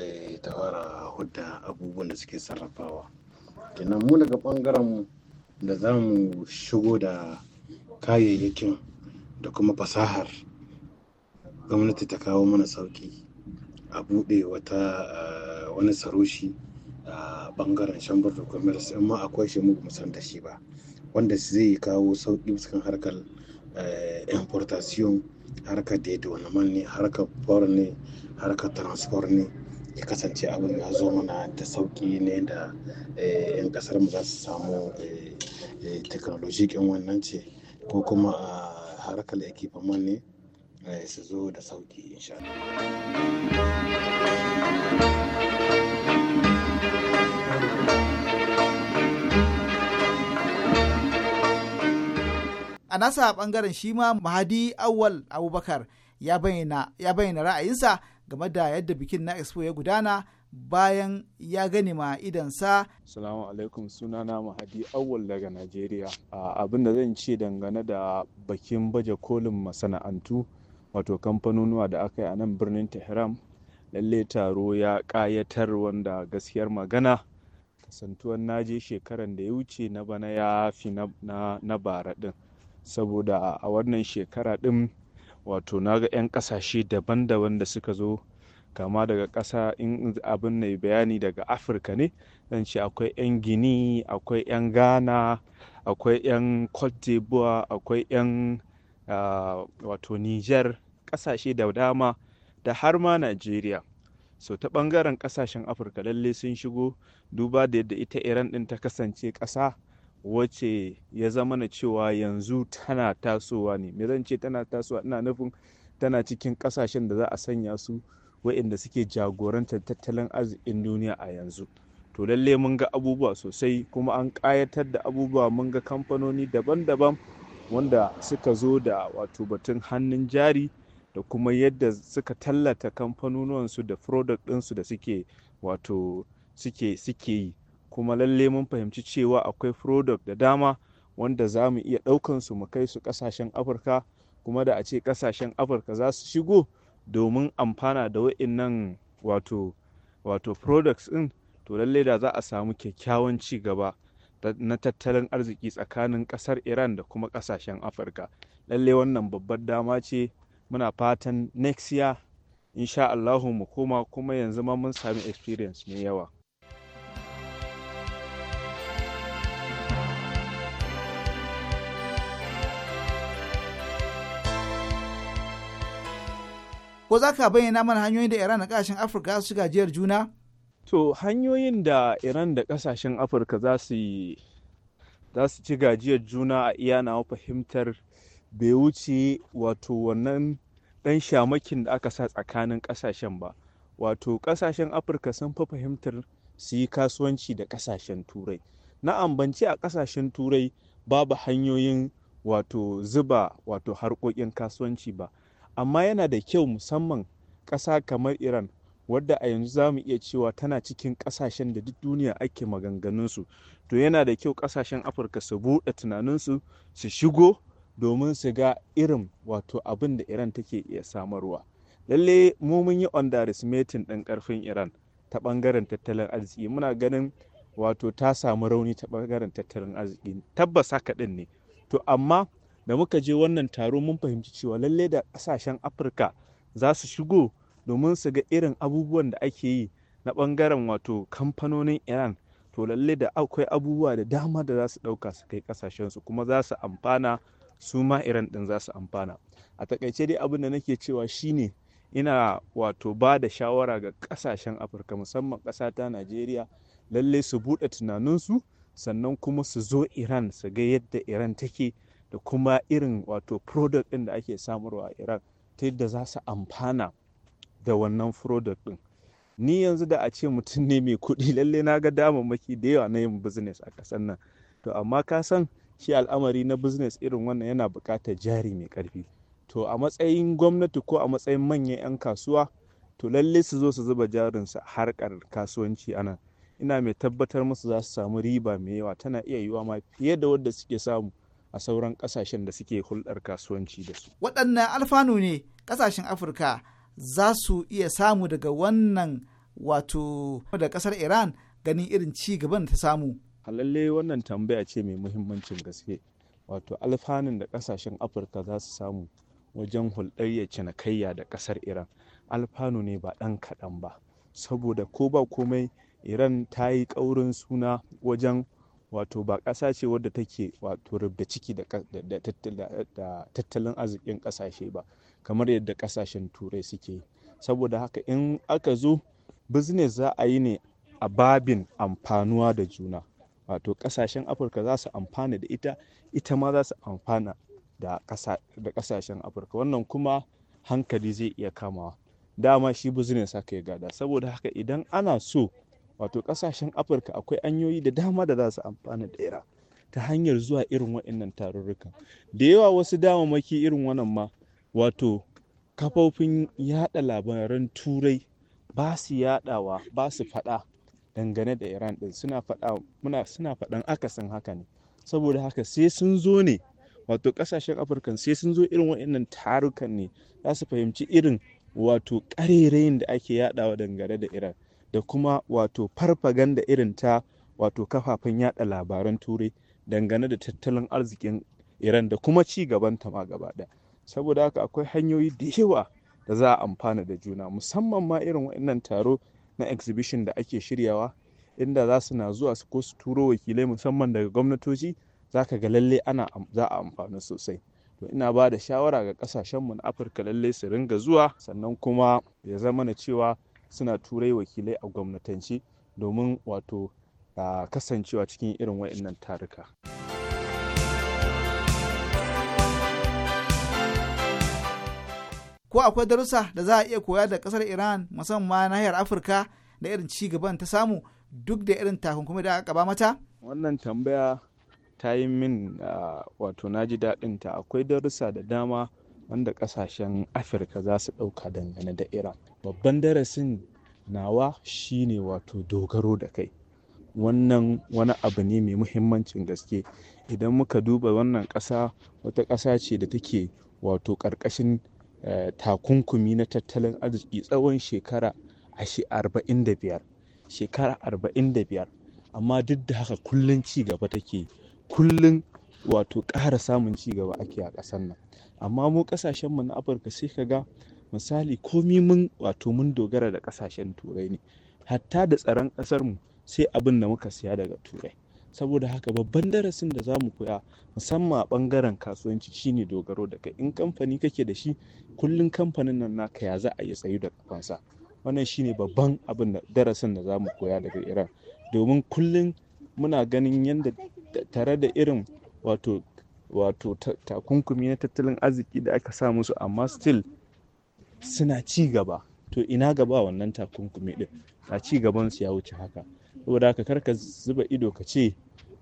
eh, tawara hudda abubuwan da suke sarrafawa kenan mu daga ɓangaren da za mu shigo da kayayyakin da kuma fasahar gwamnati ta kawo mana sauki a buɗe wata eh, wani saroshi a bangaren shambar da commerce amma akwai shi mu san da shi ba wanda zai kawo sauƙi cikin harkar eh, importation harkar da da wani ne harkar foreign ne harkar transport ne ya kasance abin ya zo mana da sauki ne da 'yan eh, kasar mu za su samu eh, eh, teknolojikin wannan ce ko kuma a harkar man ne su zo da sauki insha A nasa bangaren shi ma Mahadi Awal Abubakar ya bayyana ra'ayinsa game da yadda bikin na expo ya gudana bayan ya gani ma idansa. Salamu alaikum suna sunana Mahadi Awal daga Najeriya. Abin da zan ce dangane da bakin baje kolin masana'antu wato kamfanonuwa da aka yi a nan birnin Tehran lalle taro ya kayatar wanda gaskiyar magana na je shekaran da ya wuce na bana ya fi na bara din saboda a wannan shekara din wato na ga 'yan kasashe daban-daban da suka zo kama daga ƙasa in abin mai bayani daga afirka ne zan ce akwai 'yan gini akwai 'yan ghana akwai 'yan cote d'ivoire akwai 'yan ah, wato niger ƙasashe da dama da har ma nigeria so ta ɓangaren ƙasashen afirka lalle sun shigo duba da yadda ita iran ɗin ta kasance ƙasa wace ya zama na cewa yanzu tana tasowa ne me zan ce tana tasowa ina nufin tana cikin kasashen da za a sanya su waɗanda suke jagorantar tattalin arzikin duniya a yanzu to lalle mun ga abubuwa sosai kuma an ƙayatar da abubuwa mun ga kamfanoni daban-daban wanda suka zo da wato batun hannun jari da kuma yadda suka tallata kamfanonuwansu da product ɗinsu da suke wato suke yi kuma lalle mun fahimci cewa akwai product da dama wanda za mu iya ɗaukan su mu kai su kasashen afirka kuma da a ce ƙasashen afirka za su shigo domin amfana da wa'innan wato wato products ɗin to lalle da za a samu kyakkyawan ci gaba na tattalin arziki tsakanin ƙasar iran da kuma ƙasashen afirka lalle wannan babbar dama ce muna fatan next year insha mu koma kuma yanzu ma mun sami experience mai yawa ko za ka bayyana mana hanyoyin da iran da kasashen afirka su gajiyar juna to hanyoyin da iran da kasashen afirka za su ci gajiyar juna a iya na fahimtar bai wuce wato wannan dan shamakin da aka sa tsakanin kasashen ba wato kasashen afirka sun fi fahimtar su yi kasuwanci da kasashen turai na ambanci a kasashen turai babu hanyoyin wato zuba wato harkokin kasuwanci ba amma yana da kyau musamman ƙasa kamar iran wadda a yanzu za mu iya cewa tana cikin ƙasashen da duk duniya ake maganganunsu to yana da kyau ƙasashen afirka su buɗe tunaninsu su shigo domin su ga irin wato abin da iran take iya samarwa lalle mu mun yi underestimating ɗin ƙarfin iran ta ɓangaren tattalin arziki muna ganin wato ta samu rauni ta ɓangaren tattalin arziki tabbas haka ɗin ne to amma da muka je wannan taro mun fahimci cewa lalle da ƙasashen afirka za su shigo domin su ga irin abubuwan da ake yi na ɓangaren wato kamfanonin iran to lalle da akwai abubuwa da dama da za su ɗauka su kai ƙasashensu kuma za su amfana su ma iran ɗin za su amfana a takaice dai abin da nake cewa shine ina wato ba da shawara ga ƙasashen afirka musamman ƙasata ta najeriya lalle su buɗe tunaninsu sannan kuma su zo iran su ga yadda iran take da kuma irin wato product ɗin da ake samarwa a Iran ta yadda za su amfana da wannan product ɗin. Ni yanzu da a ce mutum ne mai kuɗi lalle na ga damammaki da yawa na yin business a ƙasar nan. To amma ka san shi al'amari na business irin wannan yana buƙatar jari mai ƙarfi. To a matsayin gwamnati ko a matsayin manyan 'yan kasuwa to lalle su zo su zuba jarinsa a harkar kasuwanci ana ina mai tabbatar musu za su samu riba mai yawa tana iya yiwuwa ma fiye da wadda suke samu a sauran kasashen da suke hulɗar kasuwanci da su. Waɗannan alfanu ne ƙasashen Afirka za su iya samu daga wannan wato da ƙasar Iran ganin irin ci gaban ta samu. Halalle wannan tambaya ce mai muhimmancin gaske. Wato alfanun da ƙasashen Afirka za su samu wajen hulɗar ya cinikayya da ƙasar Iran alfanu ne ba ɗan kaɗan ba. Saboda ko ba komai Iran ta yi ƙaurin suna wajen wato ba ƙasa ce wadda take wato rubda ciki da tattalin arzikin ƙasashe ba kamar yadda ƙasashen turai suke yi. saboda haka in aka zo business za a yi ne a babin amfanuwa da juna wato ƙasashen afirka za su amfana da ita ita ma za su amfana da ƙasashen afirka wannan kuma hankali zai iya kamawa dama shi business haka ya gada saboda haka idan ana so wato kasashen afirka akwai hanyoyi da dama da za su amfana da ira ta hanyar zuwa irin waɗannan tarurruka da yawa wasu damamaki irin wannan ma wato kafofin yada labaran turai ba su yadawa ba su faɗa dangane da iran ɗin suna faɗa muna suna faɗan akasin haka ne saboda haka sai sun zo ne wato kasashen afirka sai sun zo irin waɗannan tarukan ne za su fahimci irin wato ƙarerayin da ake yadawa dangane da iran da kuma wato farfaganda irin ta wato kafafen yada labaran turai dangane da tattalin arzikin iran da kuma ci gaban ta ma gaba saboda haka akwai hanyoyi da yawa da za a amfana da juna musamman ma irin wannan taro na exhibition da ake shiryawa inda za su na zuwa su ko su turo wakilai musamman daga gwamnatoci za ka ga lalle ana za a amfana sosai to ina ba da shawara ga kasashenmu na afirka lalle su ringa zuwa sannan kuma ya zama na cewa suna turai wakilai a gwamnatance domin wato kasancewa cikin irin waɗannan taruka. ko akwai darussa da za a iya koya da kasar iran musamman nahiyar afirka da irin ci gaban ta samu duk da irin takunkumi da aka kaba mata wannan tambaya ta yi min wato na ji daɗin akwai darussa da dama wanda kasashen afirka za su ɗauka dangane da iran babban darasin nawa shine wato dogaro da kai wannan wani abu ne mai muhimmancin gaske idan muka duba wannan ƙasa wata ƙasa ce da take wato ƙarƙashin eh, takunkumi na tattalin arziki tsawon shekara arba'in da biyar shekara arba'in da biyar amma duk da haka kullum ci gaba take kullum wato ƙara samun ci gaba ake a ƙasar nan amma mu kasashenmu na afirka sai ka ga misali komi mun wato mun dogara da kasashen turai ne hatta da tsaron ƙasarmu sai abin da muka siya daga turai saboda haka babban darasin da za mu koya musamman a ɓangaren kasuwanci shine dogaro da kai in kamfani kake da shi kullum kamfanin nan naka ya za a yi tsayu da kafansa wannan shine babban abin da darasin da za mu koya daga iran domin kullum muna ganin yadda tare da irin wato wato takunkumi na tattalin arziki da aka sa musu amma still suna ci gaba to ina gaba wannan takunkumi din na ci gaban su ya wuce haka saboda haka karka zuba ido ka ce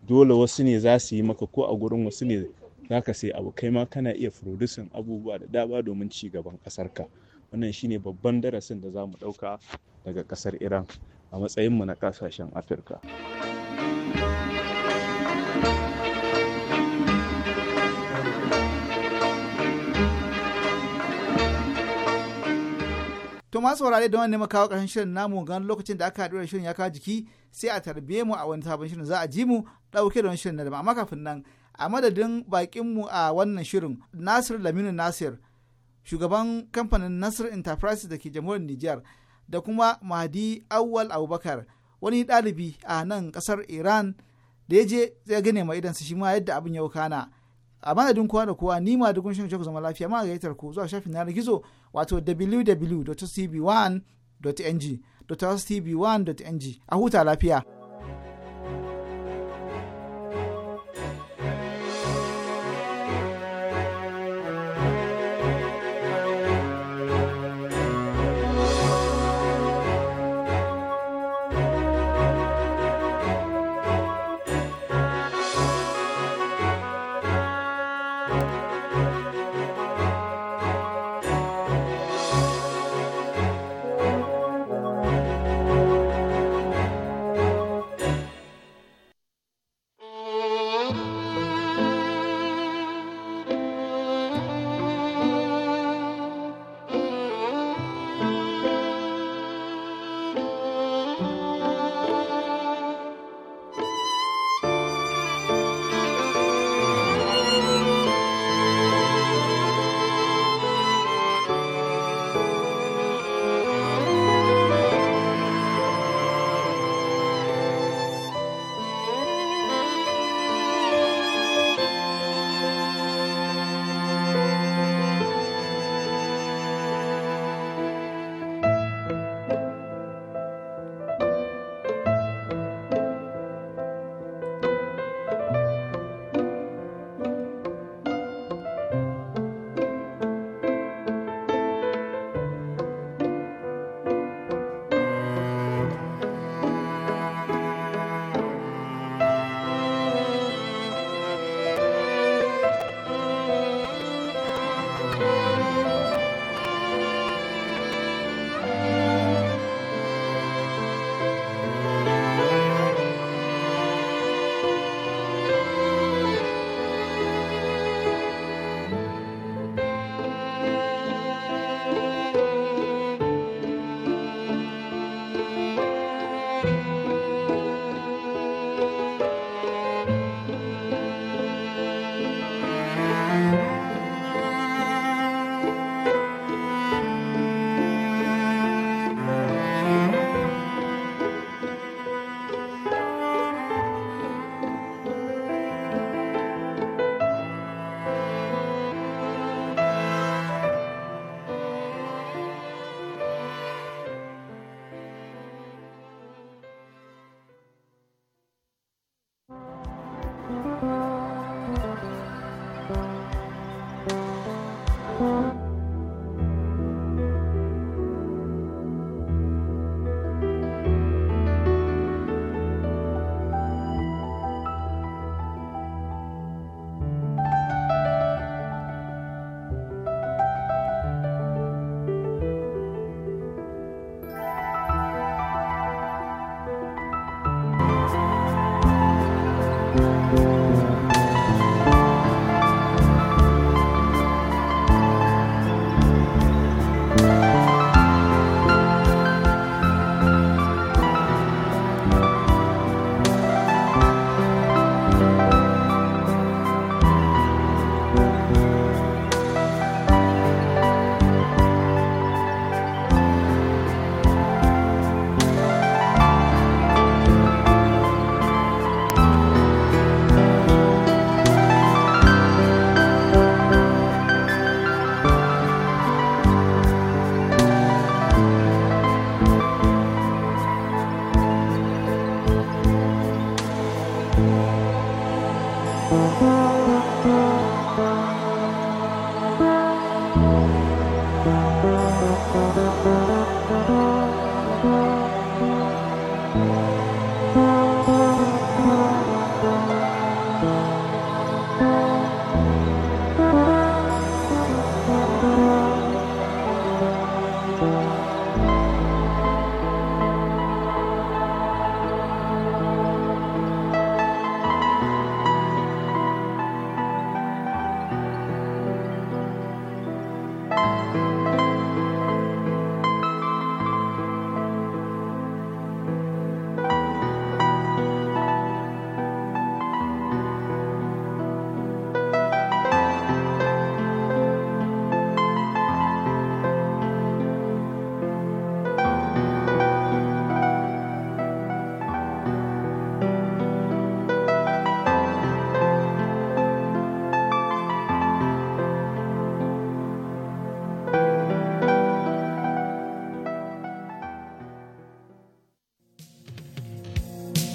dole wasu ne za su yi maka ko a gurin wasu ne za ka sai abu kai ma kana iya producing abubuwa da dama domin ci gaban ka? wannan shine babban darasin da za mu ɗauka daga ƙasar iran a matsayin mu na kasashen afirka ma saurare don wani kawo ƙarshen shirin namu gan lokacin da aka haɗu da shirin ya kawo jiki sai a tarbiye mu a wani sabon shirin za a ji mu ɗauke da wani shirin na da amma kafin nan a madadin bakin mu a wannan shirin Nasir Laminu Nasir shugaban kamfanin Nasir Enterprises da ke jamhuriyar Nijar da kuma Mahdi Awwal Abubakar wani ɗalibi a nan kasar Iran da ya je ya gane ma idansa shi ma yadda abin ya kana a madadin kowa da kowa ni ma dukkan shirin zama lafiya ma gayyatar ku zuwa shafin na gizo wato www.cb1.ng.cb1.ng a huta lafiya.